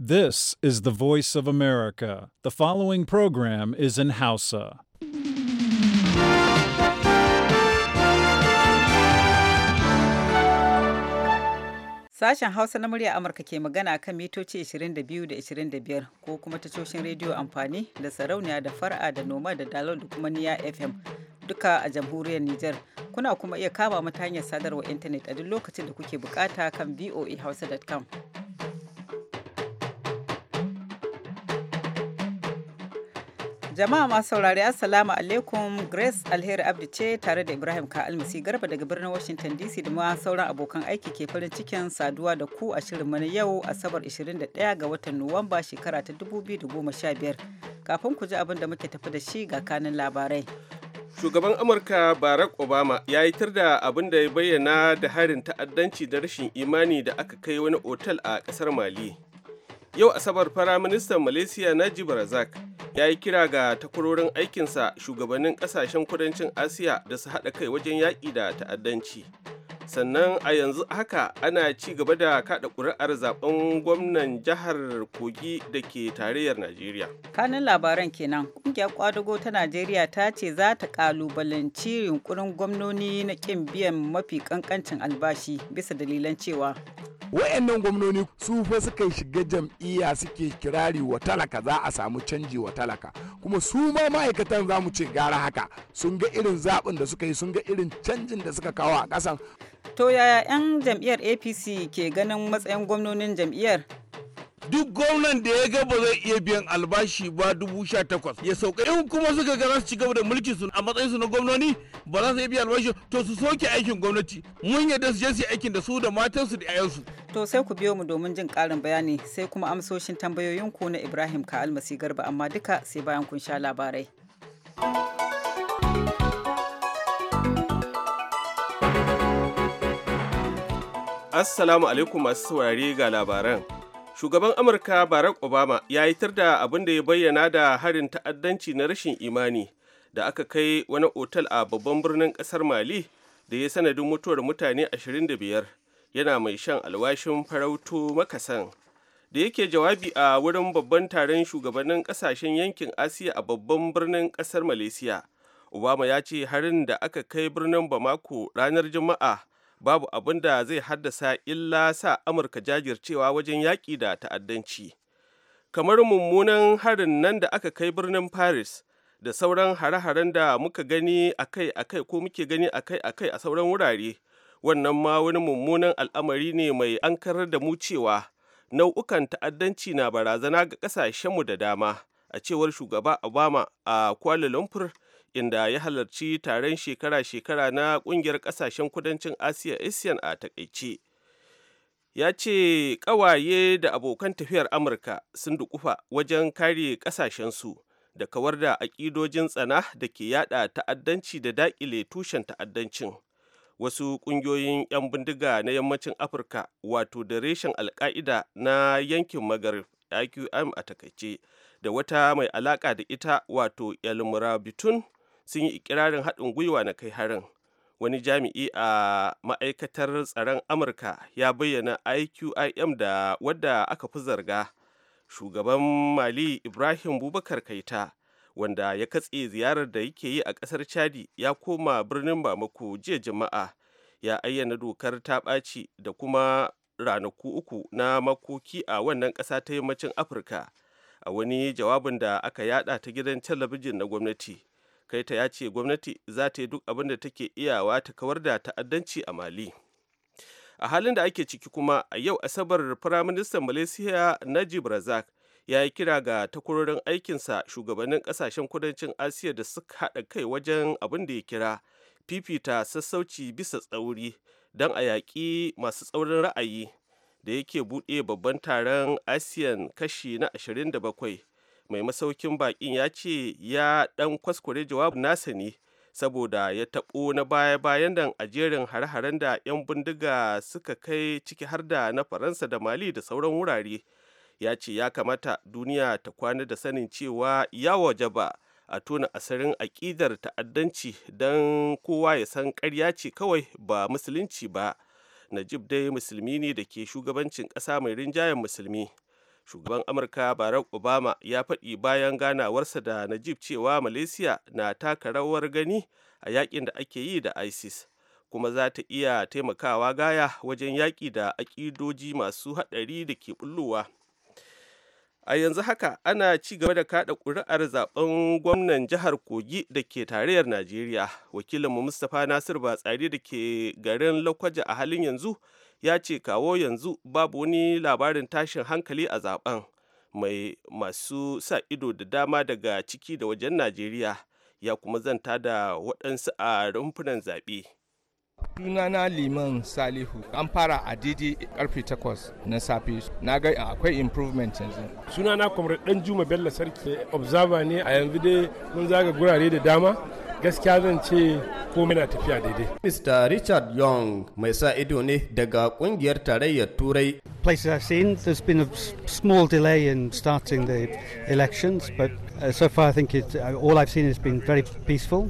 This is the voice of America. The following program is in Hausa. Sashen Hausa na murya Amurka ke magana kan mitoci 22 da 25 ko kuma tashoshin rediyo amfani da sarauniya da far'a da noma da dalol da kuma niya FM duka a jamhuriyar Nijar. Kuna kuma iya kama mata hanyar sadarwa intanet a duk lokacin da kuke bukata kan voahausa.com. Jama'a masu saurari Assalamu alaikum Grace Alheri Abdi ce tare da Ibrahim Ka'almasi Garba daga birnin Washington DC da ma sauran abokan aiki ke farin cikin saduwa da ku a shirin mana yau Asabar 21 ga watan Nuwamba shekara ta 2015. Kafin ku ji abin da muke tafi da shi ga kanin labarai. Shugaban Amurka Barack Obama ya yi tar da abin da ya bayyana da harin ta'addanci da rashin imani da aka kai wani otal a kasar Mali. Yau Asabar faraministan Malaysia Najib Razak ya yi kira ga takwarorin aikinsa shugabannin kasashen kudancin asiya da su haɗa kai wajen yaƙi da ta'addanci sannan a yanzu haka ana ci gaba da kada kuri'ar zaben gwamnan jihar kogi da ke tarayyar najeriya kanin labaran kenan kungiyar kwadago ta najeriya ta ce za ta kalubalanci yunkurin gwamnoni na kin biyan mafi kankancin albashi bisa dalilan cewa wayannan gwamnoni su fa suka shiga jam'iyya suke kirari wa talaka za a samu canji wa talaka kuma su ma ma'aikatan za mu ce gara haka sun ga irin zaɓin da suka yi sun ga irin canjin da suka kawo a ƙasan To yaya 'yan jam'iyyar APC ke ganin matsayin gwamnonin jam'iyyar? duk gwamnan da ya ga ba zai iya biyan albashi ba dubu sha takwas ya sauka in kuma suka ga su ci gaba da mulkin su a matsayin su na gwamnoni ba za su iya biyan albashi to su soke aikin gwamnati mun yadda su je su aikin da su da matan su da yayan su to sai ku biyo mu domin jin karin bayani sai kuma amsoshin tambayoyin ku na Ibrahim Ka Almasi Garba amma duka sai bayan kun sha labarai. Assalamu alaikum masu saurari ga labaran. Shugaban Amurka Barack Obama ya yi tar da abin da ya bayyana da harin ta'addanci na rashin imani da aka kai wani otal a babban birnin ƙasar Mali da ya sanadin mutuwar mutane 25 yana mai shan alwashin farauto makasan. Da yake jawabi a wurin babban taron shugabannin ƙasashen yankin Asiya a babban birnin ƙasar Malaysia. Obama ya ce harin da aka kai birnin Bamako ranar Juma'a babu abin da zai haddasa illa sa amurka jajircewa wajen yaƙi da ta'addanci kamar mummunan harin nan da aka kai birnin paris da sauran hare-haren da muka gani akai-akai ko muke gani akai-akai a sauran wurare wannan ma wani mummunan al'amari ne mai ankarar da mu cewa nau'ukan ta'addanci na barazana ga ƙasashenmu da dama a cewar shugaba obama a kuala lumpur da ya halarci taron shekara-shekara na kungiyar kasashen kudancin asiya asian a takaice ya ce kawaye da abokan tafiyar amurka sun dukufa wajen kare kasashensu da kawar da aƙidojin tsana da ke yada ta'addanci da daƙile tushen ta'addancin wasu ƙungiyoyin 'yan bindiga na yammacin afirka wato da reshen alka'ida na yankin magarib iqm a takaice da wata mai alaƙa da ita wato yalmurabitun sun yi ikirarin haɗin gwiwa na kai harin wani jami'i a ma'aikatar tsaron amurka ya bayyana iqim da wadda aka fi zarga shugaban mali ibrahim bubakar kaita wanda ya katse ziyarar da yake yi a ƙasar chadi ya koma birnin bamako jiya jama'a ya ayyana dokar ta ɓaci da kuma ranaku uku na makoki a wannan ƙasa ta yammacin afirka a wani jawabin da aka yada ta gidan talabijin na gwamnati kaita ya ce gwamnati za ta yi duk abin da take iyawa ta kawar da ta'addanci a mali a halin da ake ciki kuma a yau asabar firaministan malaysia najib razak ya yi kira ga takwarorin aikinsa shugabannin kasashen kudancin asiya da suka haɗa kai wajen abin da ya kira fifita sassauci bisa tsauri don a yaƙi masu tsaurin ra'ayi da yake buɗe babban taron asiyan kashi na 27 mai masaukin bakin ya ce ya dan kwaskure jawabu nasa ne saboda ya taɓo na baya-bayan nan a jerin hare-haren da 'yan bindiga suka kai ciki har da na faransa da mali da sauran wurare ya ce ya kamata duniya ta kwana da sanin cewa ya waje ba a tona asirin aƙidar ta'addanci don kowa ya san ƙarya ce kawai ba musulunci ba najib dai musulmi ne da ke shugabancin ƙasa mai rinjayen musulmi shugaban amurka barack obama ya faɗi bayan ganawarsa da najib cewa malaysia na taka rawar gani a yakin da ake yi da isis kuma za ta iya taimakawa gaya wajen yaƙi da aƙidoji masu haɗari da ke bullowa a yanzu haka ana ci gaba da kaɗa ƙuri'ar zaben gwamnan jihar kogi da ke tarayyar najeriya wakilinmu mustapha nasir batsari da ke garin lokwaja a halin yanzu ya ce kawo yanzu babu wani labarin tashin hankali a zaben mai masu sa ido da dama daga ciki da wajen najeriya ya kuma zanta da waɗansu a rumfunan zaɓe. sunana liman salihu an fara a daidai karfe 8 na safe na ga akwai improvement yanzu sunana kwamar Ɗan juma bello sarki observer ne a yanzu dai mun zaga gurare da dama gaskiya zan ce komai na tafiya daidai. Mr. Richard Young mai sa ido ne daga kungiyar tarayyar Turai. Places I've seen, there's been a small delay in starting the elections, but uh, so far I think it, uh, all I've seen has been very peaceful.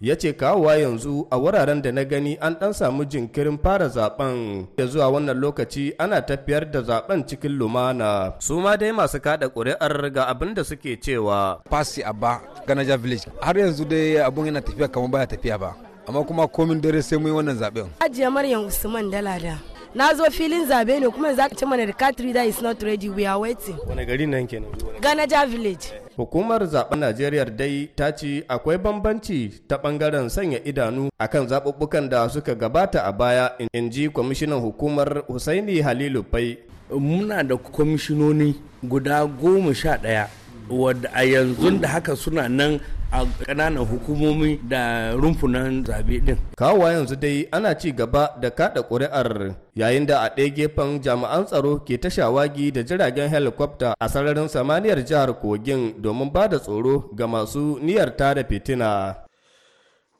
ya ce kawowa yanzu a wuraren da na gani an ɗan samu jinkirin fara zaben da zuwa wannan lokaci ana tafiyar da zaben cikin lumana su ma dai masu kada ƙuri'ar ga abin da suke cewa fasi abba ganaja village har yanzu dai abun yana tafiya kamar baya tafiya ba amma kuma komin dare sai mun wannan zaben ajiya maryam usman dalada na zo filin zabe ne kuma za ka ce mana da katri da is not ready we are waiting wani gari nan kenan ganaja village Hukumar zaben Najeriya dai ta ce akwai bambanci ta bangaren sanya idanu akan zaɓuɓɓukan da suka gabata a baya in ji kwamishinan hukumar Husaini Halilu Fai. Muna da kwamishinoni guda goma sha ɗaya wadda a yanzu da haka suna nan a ƙananan hukumomi da rumfunan zabe din. Kawo yanzu dai ana ci gaba da kada ƙuri'ar yayin da a ɗaya gefen jami'an tsaro ke ta shawagi da jiragen helikwafta a sararin samaniyar jihar Kogin domin ba da tsoro ga masu niyyar da fitina.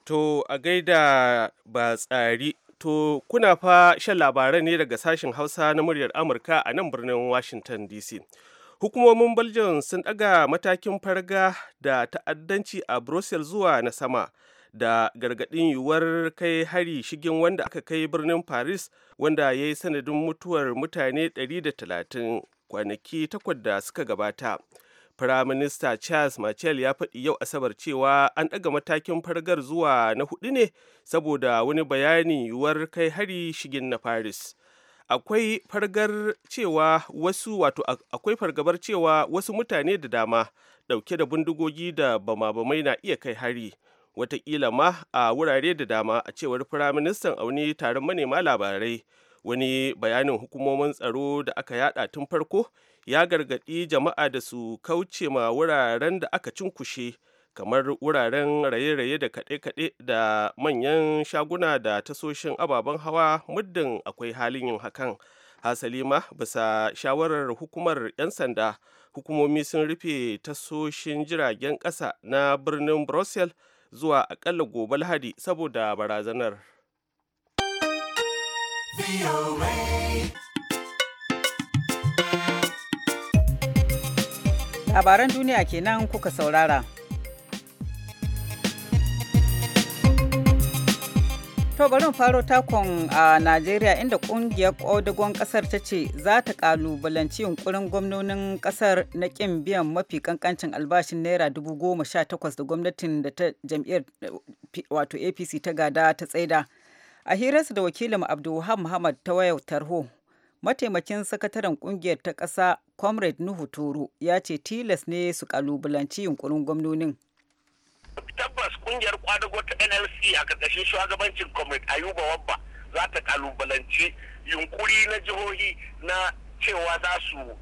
To a gaida ba tsari to kuna fa shan labaran ne daga sashen Hausa na muryar Amurka a nan birnin Washington DC. hukumomin belgium sun ɗaga matakin farga da ta'addanci a brussels zuwa na sama da gargaɗin yiwuwar kai hari shigin wanda aka kai birnin paris wanda ya yi sanadin mutuwar mutane 130 kwanaki takwas da suka gabata firaminista charles machel ya faɗi yau asabar cewa an ɗaga matakin fargar zuwa na hudu ne saboda wani bayani yiwuwar kai hari shigin na paris akwai fargar cewa wasu wato akwai fargabar cewa wasu mutane da dama dauke da bindigogi da bama-bamai na iya kai hari watakila ma a wurare da dama a cewar firaministan auni taron manema labarai wani bayanin hukumomin tsaro da aka yada tun farko ya gargadi jama'a da su kauce ma wuraren da aka cinkushe kamar wuraren raye-raye da kaɗe-kaɗe da manyan shaguna da tasoshin ababen hawa muddin akwai halin yin hakan hasali ma bisa shawarar hukumar 'yan sanda hukumomi sun rufe tasoshin jiragen ƙasa na birnin brussels zuwa aƙalla gobe lahadi saboda barazanar labaran duniya kenan kuka saurara To barin faro takon a Najeriya inda kungiyar ƙodagon ƙasar ta ce za ta ƙalubalanci yunkurin gwamnonin ƙasar na ƙin biyan mafi kankancin albashin naira dubu goma sha takwas da gwamnatin da ta jam'iyyar wato APC ta gada ta tsaida. A hirarsa da wakilin Abdulwahab Muhammad ta wayar tarho, mataimakin sakataren kungiyar ta ƙasa Comrade Nuhu Toro ya ce tilas ne su ƙalubalanci yunkurin gwamnonin. kungiyar kwadago ta nlc a ƙarƙashin shugabancin comrade ayuba wabba za ta kalubalanci yunkuri na jihohi na cewa za su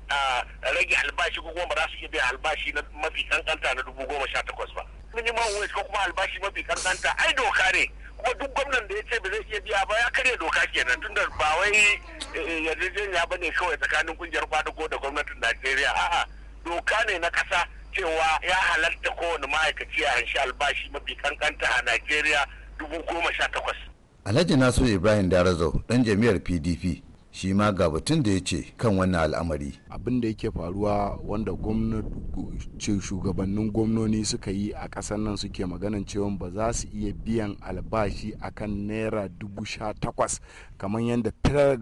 rage albashi ko kuma ba za su iya biya albashi na mafi kankanta na dubu goma sha takwas ba minimum wage ko kuma albashi mafi kankanta ai doka ne kuma duk gwamnan da ya ce ba zai iya biya ba ya karya doka kenan tunda ba wai eh, eh, yarjejeniya ba ne kawai tsakanin kungiyar kwadago da gwamnatin najeriya a'a doka ne na kasa cewa ya halarta kowane ma'aikaci a hanshi albashi mafi kankanta a Najeriya dubu goma sha takwas. Alhaji Nasu Ibrahim Darazo ɗan jami'ar PDP shi ma ga batun da ya ce kan wannan al'amari. Abin da yake faruwa wanda shugabannin gwamnoni suka yi a ƙasar nan suke maganan cewa ba za su iya biyan albashi akan naira dubu sha takwas kamar yadda ta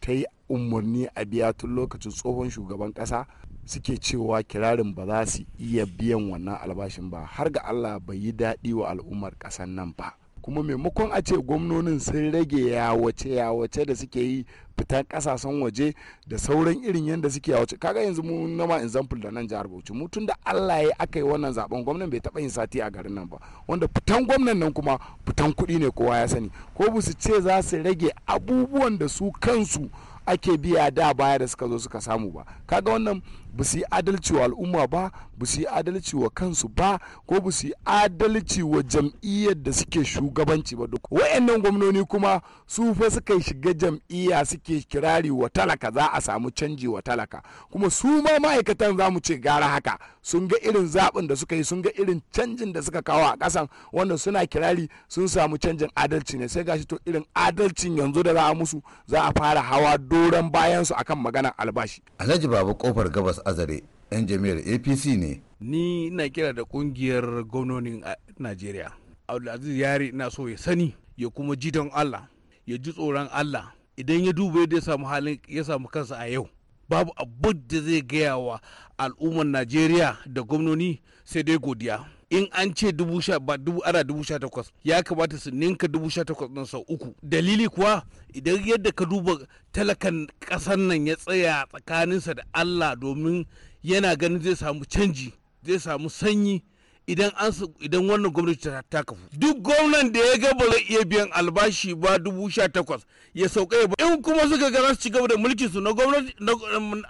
ta yi umarni a biya tun lokacin tsohon shugaban ƙasa. suke cewa kirarin ba za su iya biyan wannan albashin ba har ga allah bai yi daɗi wa al'ummar ƙasar nan ba kuma maimakon a ce gwamnonin sun rage yawace yawace da suke yi fitan kasashen waje da sauran irin yadda suke yawace kaga yanzu mu nama example da nan jihar Bauchi mu tun da Allah ya aka yi wannan zaben gwamnan bai taba yin sati a garin nan ba wanda fitan gwamnan nan kuma fitan kuɗi ne kowa ya sani ko bu su ce za su rage abubuwan da su kansu ake biya da baya da suka zo suka samu ba kaga wannan ba su yi adalci wa al'umma ba ba su yi adalci wa kansu ba ko ba su yi adalci wa jam'iyyar da suke shugabanci ba duk wa'annan gwamnoni kuma su fa suka shiga jam'iyya suke kirari wa talaka za a samu canji wa talaka kuma su ma ma'aikatan za mu ce gara haka sun ga irin zaɓin da suka yi sun ga irin canjin da suka kawo a ƙasan wanda suna kirari sun samu canjin adalci ne sai gashi to irin adalcin yanzu da za a musu za a fara hawa doron bayansu akan maganar albashi alhaji baba kofar gabas azare yan jami'ar apc ne ni na kira da kungiyar gwamnonin najeriya abdulaziz yari na so ya sani ya kuma ji don allah ya ji tsoron allah idan ya duba yadda ya samu halin ya samu kansa a yau babu abun da zai gaya wa al'ummar najeriya da gwamnoni sai dai godiya in an ce dubu sha ba dubu ana dubu sha takwas ya kamata su ninka dubu sha takwas nan sau uku dalili kuwa idan yadda ka duba talakan ƙasar nan ya tsaya tsakaninsa da allah domin yana ganin zai samu canji zai samu sanyi idan an idan wannan gwamnati ta kafu duk gwamnan da ya ga ba zai iya biyan albashi ba dubu sha takwas ya sauka ya in kuma suka ga za su ci gaba da mulki su na gwamnati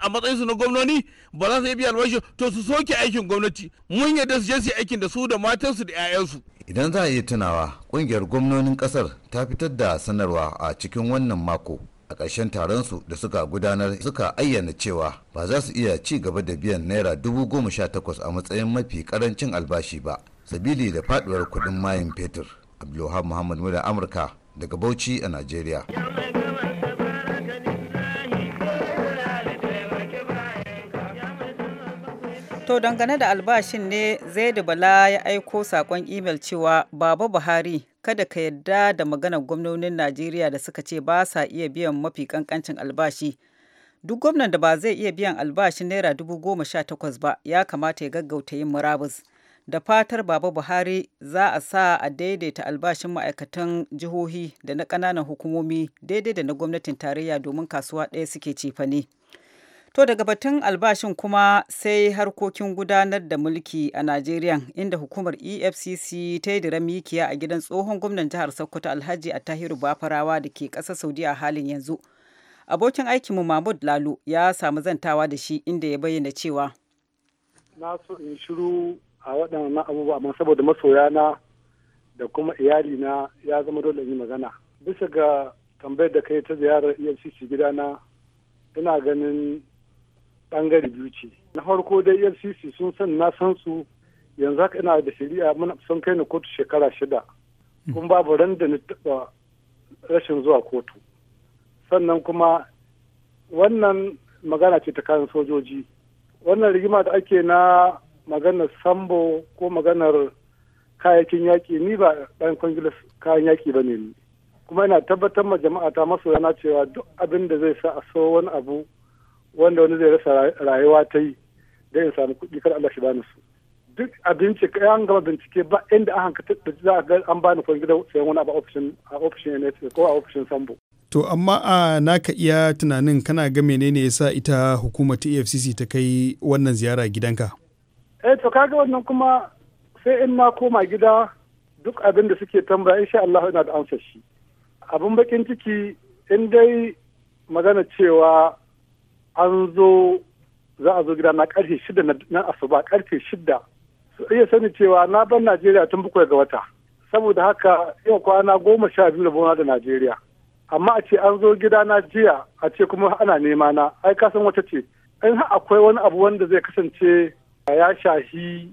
a matsayin su na gwamnoni ba za su iya biyan albashi to su soke aikin gwamnati mun yadda su je su aikin da su da matansu da 'ya'yansu idan za a iya tunawa ƙungiyar gwamnonin kasar ta fitar da sanarwa a cikin wannan mako a ƙarshen taron su da suka gudanar suka ayyana cewa ba za su iya ci gaba da biyan naira dubu goma sha takwas a matsayin mafi ƙarancin albashi ba sabili da faduwar kuɗin mayan fetur abdulwahab muhammad muda amurka daga bauchi a najeriya To dangane da albashin ne Zaidu Bala ya aiko sakon imel cewa Baba Buhari kada ka yarda da maganar gwamnonin Najeriya da suka ce ba sa iya biyan mafi kankancin albashi. Duk gwamnan da ba zai iya biyan albashin naira dubu goma sha takwas ba ya kamata ya gaggauta yin murabus. Da fatar Baba Buhari za a sa a daidaita albashin ma'aikatan jihohi da na ƙananan hukumomi daidai da na gwamnatin tarayya domin kasuwa ɗaya suke cefane. To daga batun albashin kuma sai harkokin gudanar da mulki a Najeriya inda hukumar EFCC ta yi dira mikiya a gidan tsohon gwamnan jihar Sokoto Alhaji tahiru Bafarawa da ke ƙasa saudi a halin yanzu. Abokin aikinmu Mahmud lalu ya samu zantawa da shi inda ya bayyana cewa. Na so in shiru a waɗannan abubuwa amma saboda na da kuma iyalina ya zama dole in yi magana. Bisa ga tambayar da kai ta ziyarar EFCC gidana ina ganin bangare biyu ce na farko dai efcc sun san na san su yanzu haka ina da shari'a muna son kai na kotu shekara shida kuma babu ran da na taɓa rashin zuwa kotu sannan kuma wannan magana ce ta kayan sojoji wannan rigima da ake na maganar sambo ko maganar kayayyakin yaƙi ni ba ɗan kwangilas kayan yaƙi ba ne kuma ina tabbatar ma jama'a ta masoyana cewa duk abin da zai sa a so wani abu wanda wani zai rasa rayuwa ta yi da in sami kuɗi kar Allah shi bani su duk abinci bincike an gama bincike ba inda an hanka za a ga an bani kwan gida sayan wani a ofishin a ofishin NSA ko a ofishin Sambo to amma a naka iya tunanin kana ga menene yasa ita hukumar ta EFCC ta kai wannan ziyara gidanka eh to kaga wannan kuma sai in na koma gida duk abin da suke tambaya insha Allah ina da amsar shi abin bakin ciki in dai magana cewa an zo za a zo gida na karfe shida na asuba karfe shida su iya sani cewa na ban najeriya tun bakwai ga wata saboda haka yau kwana goma sha biyu da rabona da najeriya amma a ce an zo gida na jiya a ce kuma ana nema na ai kasan wata ce in ha akwai wani abu wanda zai kasance ya shahi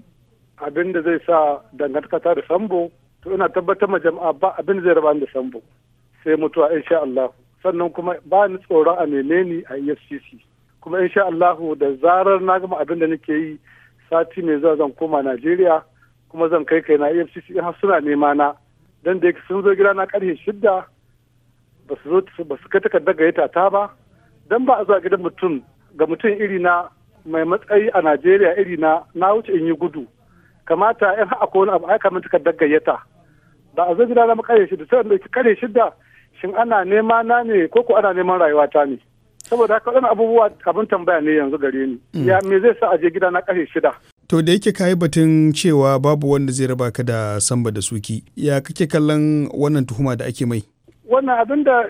abin da zai sa dangantaka da sambo to ina tabbatar ma jama'a ba abin da zai raba da sambo sai mutuwa insha Allah sannan kuma ba ni tsoron a menene a EFCC kuma insha Allahu da zarar na gama abin da nake yi sati mai zuwa zan koma Najeriya kuma zan kai kai na AFCC in har suna nema na dan da yake sun zo gida na karfe shidda ba su zo ba su kai takardar gayyata ta ba dan ba a zuwa gidan mutum ga mutum iri na mai matsayi a Najeriya iri na na wuce in yi gudu kamata in har akwai wani abu aika min takardar gayyata ba a zo gida na karfe shidda sai da karfe shidda shin ana nema na ne ko ko ana neman rayuwa ta ne saboda haka waɗannan abubuwa abin tambaya ne yanzu gare ni mm. ya me zai sa aje gida na kashe shida to da yake kayi batun cewa babu wanda zai raba ka da samba da suki ya kake kallon wannan tuhuma da ake mai wannan abin da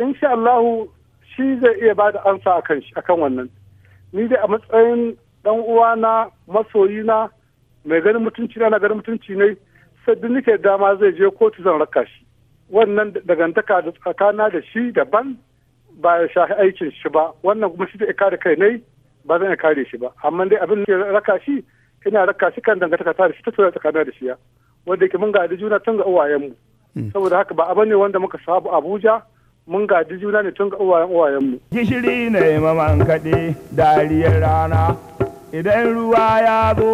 insha Allahu shi zai iya ba da ansa akan akan wannan ni dai a matsayin dan uwana na mai ganin mutunci na ganin mutunci ne sai nake dama zai je kotu zan raka shi wannan dangantaka da tsakana da shi daban ba ya shafi aikin shi ba wannan kuma shi zai kare kai ne ba zan iya kare shi ba amma dai abin da raka shi ina raka shi kan dangantaka ta da shi ta tura tsakanin da shi ya wanda yake mun gadi juna tun ga uwayen mu hmm. saboda haka ba abu ne wanda muka sabu Abuja mun gadi juna ne tun ga uwayen uwayenmu gishiri ne maman kaɗe dariyar rana idan ruwa ya zo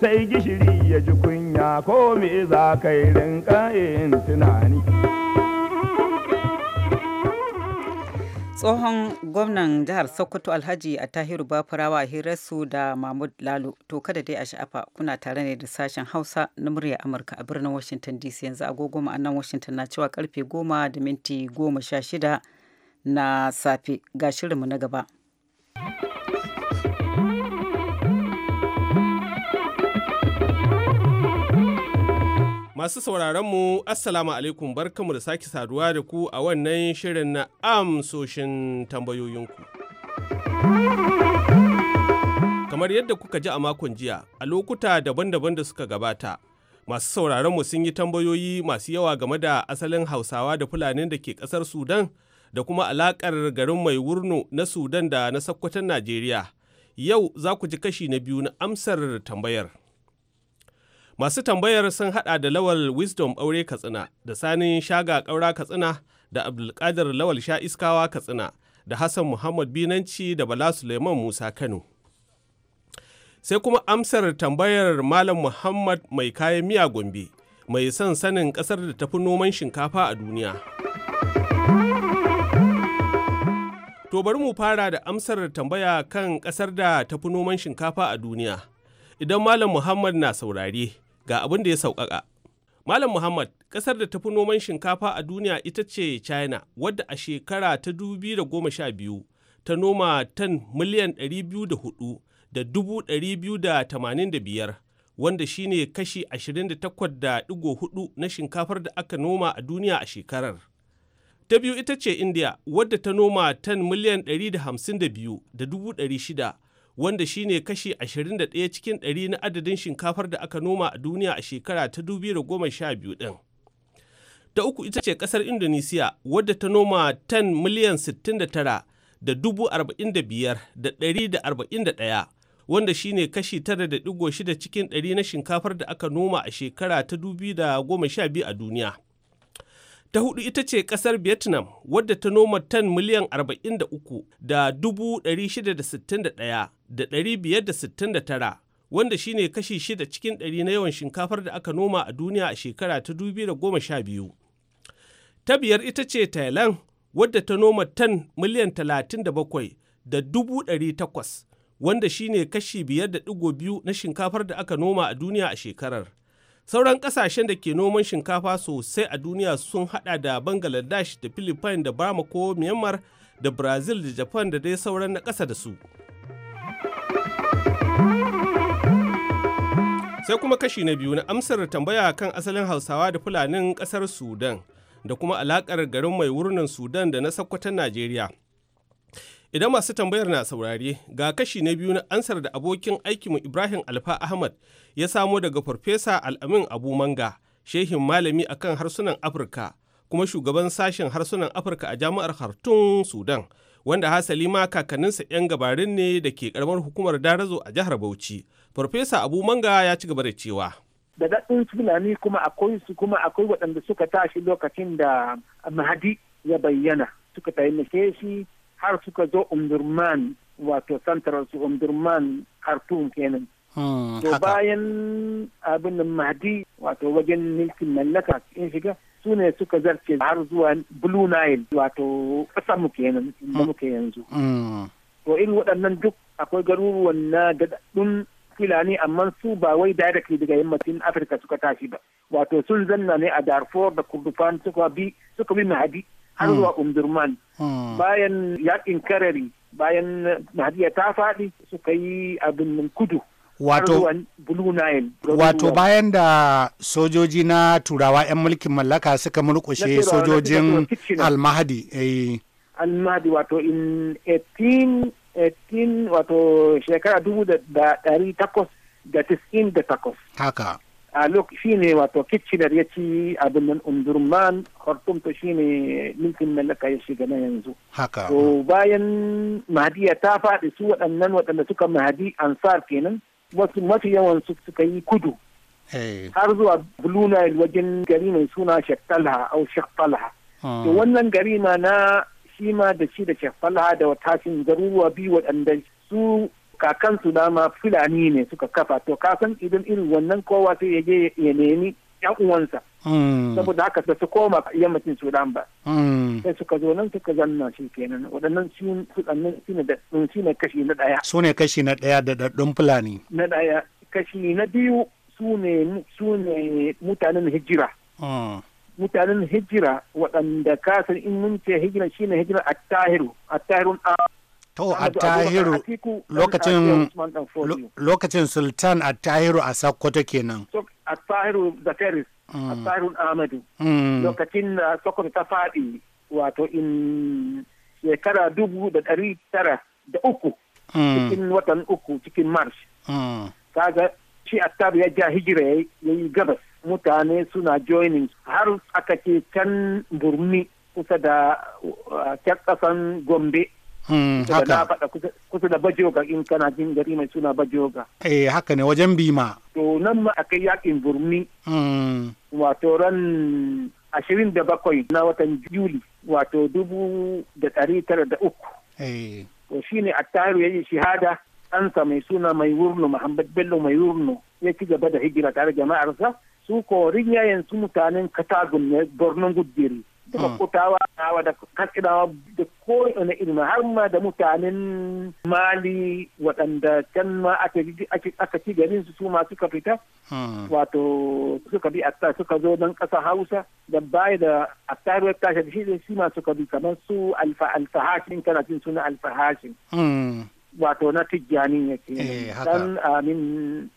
sai gishiri ya ji kunya ko me za ka rinka yin tunani tsohon gwamnan jihar sokoto alhaji a tahiru bafurawa hirarsu da mahmud lalo to kada dai a sha'afa kuna tare ne da sashen hausa na murya amurka a birnin washinton dc yanzu agogo ma'anan washington na cewa karfe goma da minti goma sha shida na safe ga shirinmu na gaba Masu sauraronmu, Assalamu alaikum barkamu da sake saduwa da ku a wannan shirin na amsoshin tambayoyinku. Kamar yadda kuka ji a makon jiya, a lokuta daban-daban da suka gabata, masu sauraronmu sun yi tambayoyi masu yawa game da asalin Hausawa da Fulanin da ke ƙasar Sudan da kuma alaƙar garin mai wurno na Sudan da na sakkwatan Najeriya. Yau za ku ji kashi na biyu na amsar tambayar. Masu tambayar sun hada da Lawal Wisdom Aure Katsina da sani Shaga Kaura Katsina da Abdulkadir Lawal Sha Iskawa Katsina da Hassan Muhammad Binanci da Bala Suleiman Musa Kano. Sai kuma amsar tambayar Malam Muhammad mai kayan miya Gombe mai son sanin kasar da tafi noman shinkafa a duniya. To bari mu fara da amsar tambaya kan kasar da tafi noman shinkafa a duniya. Idan Malam Muhammad na saurare, Ga abin da ya sauƙaƙa. Malam Muhammad, ƙasar da tafi noman shinkafa a duniya ita ce China, wadda a shekara ta 2012 ta noma tan miliyan 204 da 285 wanda shine kashi 28.4 na shinkafar da aka noma a duniya a shekarar. Ta biyu ita ce India, wadda ta noma tan miliyan 152 da 600 wanda shine kashi 21 cikin 100 na adadin shinkafar da aka noma a duniya a shekara ta 2012 din. Ta uku ita ce kasar Indonesia wadda ta noma 10 miliyan 69 da dubu arba'in da 141 wanda shine kashi 9.6 cikin 100 na shinkafar da aka noma a shekara ta dubi da a duniya. Ta hudu ita ce ƙasar Vietnam wadda ta noma 10 miliyan arba'in da da dubu da wanda shine kashi shida cikin ɗari na yawan shinkafar da aka noma a duniya a shekara ta 2012. Ta biyar ita ce Thailand wadda ta noma tan miliyan 37 da dubu wanda shine kashi biyar da ɗigo biyu na shinkafar da aka noma a duniya a shekarar. Sauran kasashen da ke noman shinkafa sosai a duniya sun hada da Bangladesh da Philippines da Bamako, Myanmar da Brazil da Japan da dai sauran na kasa da su. Sai kuma kashi na biyu na amsar tambaya kan asalin Hausawa da Fulanin ƙasar Sudan da kuma alaƙar garin mai wurnin Sudan da na Sokoton Najeriya. Idan masu tambayar na saurare ga kashi na biyu na ansar da abokin aikinmu Ibrahim Alfa Ahmad ya samo daga Farfesa Al'amin Abu Manga, shehin malami akan harsunan Afirka, kuma shugaban sashen harsunan Afirka a jami'ar Hartun Sudan, wanda hasali ma kakanninsa 'yan gabarin ne da ke karamar hukumar Darazo a jihar Bauchi, Farfesa Abu Manga ya ci gaba da cewa. Da daɗin Fulani kuma akwai su kuma akwai waɗanda suka tashi lokacin da Mahadi ya bayyana suka taimake shi har suka zo Umdurman wato santarar su Umdurman Khartoum kenan. Hmm, to bayan abin Mahadi wato wajen milkin mallaka in shiga su ne suka zarce har zuwa Blue Nile wato ƙasar mu kenan hmm. muke yanzu. Hmm. To irin waɗannan duk akwai garuruwan na daɗaɗɗun fulani amma su ba wai direct daga yammacin afirka suka tashi ba wato sun zanna ne a darfur da kurdufan suka bi suka bi mahadi har hmm. zuwa umdurman hmm. bayan yakin karari bayan mahadi ya ta faɗi suka yi abin kudu wato wato bayan da sojoji na turawa 'yan mulkin mallaka suka murkushe sojojin almahadi almahadi eh. wato in 18 18 wato shekara dubu da dari takwas da tis'in da takwas. Haka. A lokaci shi ne wato Kitchener ya ci abin nan Undurman Khartoum to shi ne mulkin mallaka ya shiga na yanzu. Haka. To bayan Mahadiya ta faɗi su waɗannan waɗanda suka Mahadi Ansar kenan wasu mafi yawan su suka yi kudu. Eh. Har zuwa Blue Nile wajen gari mai suna shaktalha au Shektalha. Ah. To wannan gari ma na shima da shi da shafalha da watashin garuruwa biyu waɗanda su kakansu dama fulani ne suka kafa to kasan idan irin wannan kowa sai ya je ya nemi yan uwansa mm. saboda haka da su koma yammacin sudan ba mm. sai suka zo nan suka zanna shi kenan waɗannan su ne kashi na ɗaya su ne kashi na ɗaya da ɗaɗɗun fulani na ɗaya kashi na biyu su ne mutanen hijira mm. mutanen hijira waɗanda ka san in mun ce hijira shine hijira a tahiru a tahirun a to a tahiru lokacin lokacin sultan a tahiru a sakkwato kenan a tahiru da teris hmm. a tahirun amadu hmm. lokacin da uh, sokoto ta faɗi wato in shekara dubu da ɗari tara da uku hmm. cikin watan uku cikin march kaga shi at-tahiru ya ja hijira ya yi gabas mutane suna joining har aka ce can burmi kusa da uh, can kasan gombe hmm, kusa da bajoga in kana jin gari mai suna bajoga eh haka ne wajen bima to nan ma akai yakin burmi hmm. wato ran ashirin da bakwai na watan juli wato dubu da ɗari tara da uku eh. to a attahiru ya yi shahada ɗansa mai suna mai wurno muhammad bello mai wurno ya ci gaba da hijira tare jama'arsa su rinya yanzu mutanen katagun ne borno gudiri hmm. Suka kutawa nawa da katsinawa da kowane irin har ma da mutanen mali waɗanda can ma aka ci garin su suma suka fita hmm. wato suka bi a suka zo don ƙasa hausa da baya da a ya tashi da shi da shi ma suka bi kamar su alfahashin kana cin suna alfahashin hmm. wato na tijjani yake eh, dan amin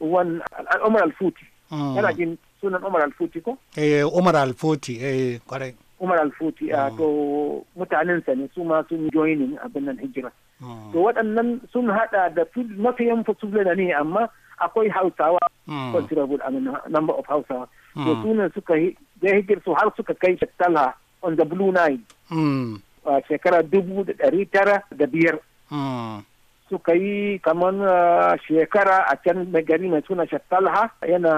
wan al'umar alfuti yana jin sunan umar alfuti ko eh umar alfuti eh kwarai umar alfuti a ah, ah. to mutanen sa ne su ma sun joinin abin nan hijira ah. to waɗannan sun hada da mafiyan da ne amma akwai hausawa considerable a number of hausawa to sunan suka da hijira su har suka kai shattala on the blue nine hmm. shekara dubu da ɗari tara da biyar suka yi kamar ah, shekara a can mai gari mai suna Shattalha yana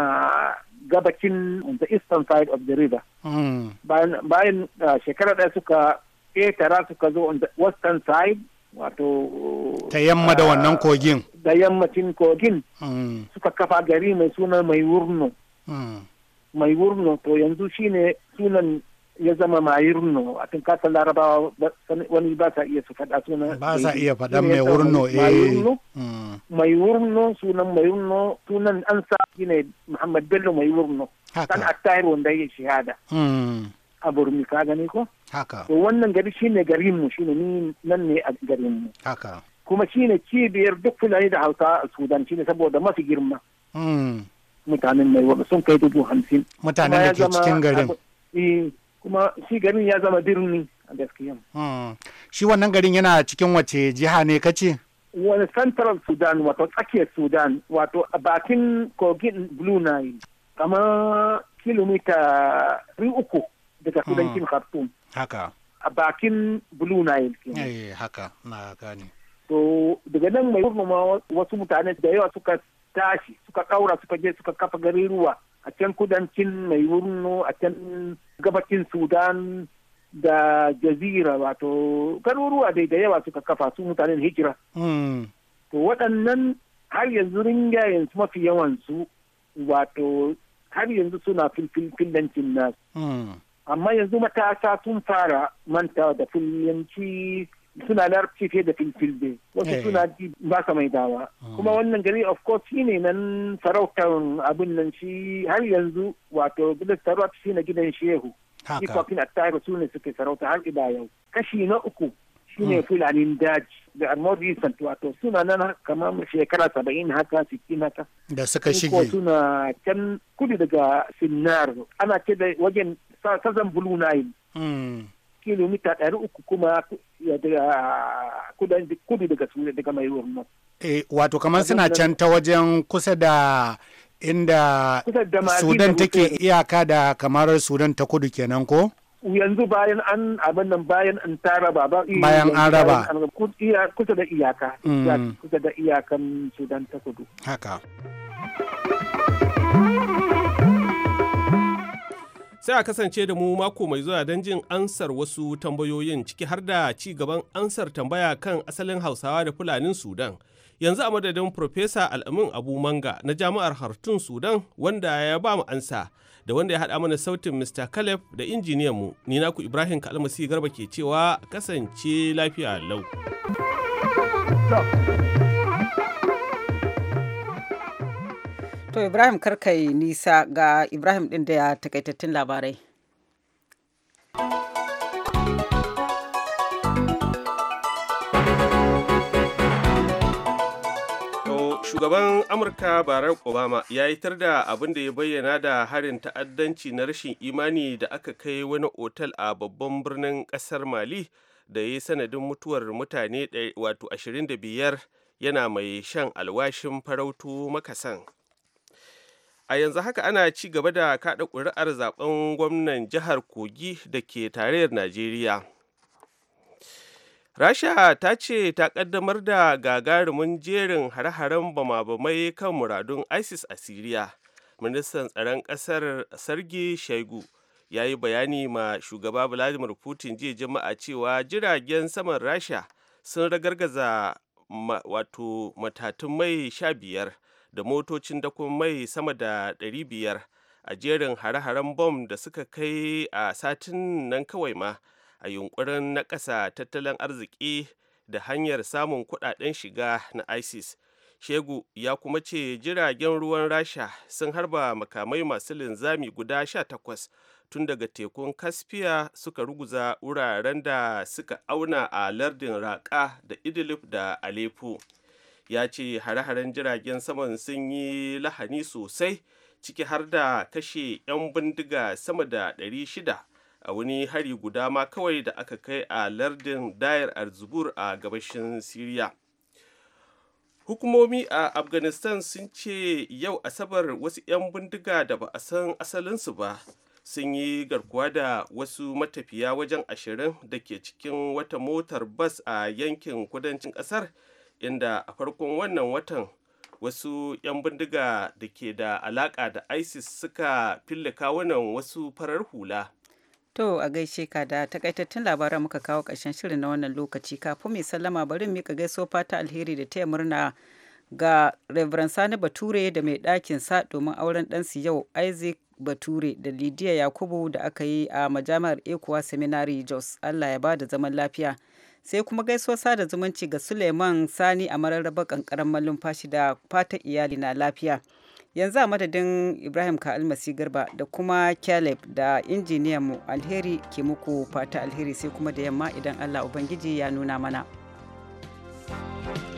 gabacin the eastern side of the river. Hmm. Bayan ah, shekara ɗaya suka ƙetara suka zo on the western side wato ta yamma da ah, wannan kogin da yammacin kogin hmm. suka kafa gari mai suna mai wurno hmm. mai wurno to yanzu shine sunan ya zama mayirno a kan kasar larabawa wani ba sa iya su faɗa sunan ba sa iya faɗan mai wurno mai wurno eh. mm. sunan mai wurno sunan an sa ne muhammad bello mai wurno kan attahir wanda ya shahada mm. a burmi ka gani ko haka wannan gari shine garin mu shi ni nan ne a garin mu haka kuma ne cibiyar duk fulani da hausa a sudan ne saboda mafi girma mm. mutanen mai wurno sun kai dubu hamsin mutanen da ke cikin garin eh, kuma shi garin ya zama birni a gaskiya. Hmm. Shi wannan garin yana cikin wace jiha ne kace? Wani Central Sudan wato tsakiyar Sudan wato a bakin kogin Blue Nile kamar kilomita uku daga hmm. kudancin Khartoum. Haka. A bakin Blue Nile. Eh, haka na gane. To daga nan mai ma wasu mutane da yawa suka tashi suka ɗaura suka je suka kafa ruwa. a can kudancin mai wurno a can gabacin Sudan da jazira wato garuruwa dai da yawa suka kafa su mutanen hijira. Hmm. To waɗannan har yanzu ringayen mafi yawansu wato har yanzu suna filfilancin nasu. Hmm. Amma yanzu matasa sun fara manta da filyanci suna larabci fiye da filfilde wasu eh. suna ji ba sa mai dawa ah. kuma wannan gari of course shi ne nan sarautar abin nan shi har yanzu wato gidan sarauta shi na gidan shehu shi kwafin attara su ne suke sarauta har ida yau kashi na uku shi ne hmm. fulanin daji da more recent wato suna nan kamar shekara saba'in haka sittin haka da suka shige suna can kudu daga sinnar ana ce da wajen sazan blue nile hmm. kilomita ɗari uku kuma kudu daga daga mai ruwan E, eh, wato kamar suna can ta wajen kusa da inda sudan take iyaka da kamar sudan ta kudu kenan ko? yanzu bayan an abin nan bayan an tara ba ba bayan an raba kusa da iyaka mm. kusa da iyakan sudan ta kudu haka sai a kasance da mu mako mai zuwa don jin ansar wasu tambayoyin ciki har da ci gaban ansar tambaya kan asalin hausawa da fulanin sudan yanzu a madadin Profesa al'amin abu manga na jami'ar hartun sudan wanda ya ba mu ansa da wanda ya haɗa mana sautin mr caleb da injiniyan mu ni ku ibrahim kalmasi garba ke cewa kasance lafiya lau To Ibrahim karkai nisa ga Ibrahim ɗin da takaitattun labarai. shugaban amurka barack obama ya yitar da abin da ya bayyana da harin ta'addanci na rashin imani da aka kai wani otal a babban birnin kasar mali da ya yi sanadin mutuwar mutane wato 25 yana mai shan alwashin farautu makasan a yanzu haka ana ci gaba da kada ƙuri'ar zaben gwamnan jihar kogi da ke tarayyar najeriya rasha ta ce ta ƙaddamar da gagarumin jerin hare-haren bama-bamai kan muradun isis a siriya ministan tsaron ƙasar sargi shaigu ya yi bayani ma shugaba vladimir putin jiya jama'a cewa jiragen saman rasha sun ragargaza wato matatun mai sha biyar da motocin dakon mai sama da 500 a jerin hare-haren bom da suka kai a satin nan kawai ma a yunkurin na ƙasa tattalin arziki da hanyar samun kudaden shiga na isis shegu ya kuma ce jiragen ruwan rasha sun harba makamai masu linzami guda 18 tun daga tekun kaspiya suka ruguza wuraren da suka auna a lardin raka da idlib da aleppo ya ce hare-haren jiragen saman sun yi lahani sosai ciki har da kashe 'yan bindiga sama da 600 a wani hari guda ma kawai da aka kai a lardin dayar arzubur a gabashin siriya hukumomi a afghanistan sun ce yau asabar wasu 'yan bindiga da ba a san asalinsu ba sun yi garkuwa da wasu matafiya wajen ashirin da ke cikin wata motar bas a yankin kudancin kasar inda a farkon wannan watan wasu 'yan bindiga da ke da alaka da isis suka fille kawunan wasu farar hula to a gaishe ka da takaitattun labaran muka kawo ƙarshen shirin na wannan lokaci kafin mai sallama bari mika gaiso fata alheri da taya murna ga Reverend Sani Bature da mai ɗakin sa domin auren ɗansu yau Isaac Bature da Lidiya Yakubu da aka yi a majami'ar Ekuwa Seminary Jos. Allah ya ba da zaman lafiya. sai kuma gaisuwar sada zumunci ga suleiman sani a mararraba kankaran fashi da fatan iyali na lafiya yanzu a madadin ibrahim ka almasi garba da kuma caleb da injiniyan mu alheri ke muku fata alheri sai kuma da yamma idan allah ubangiji ya nuna mana thank you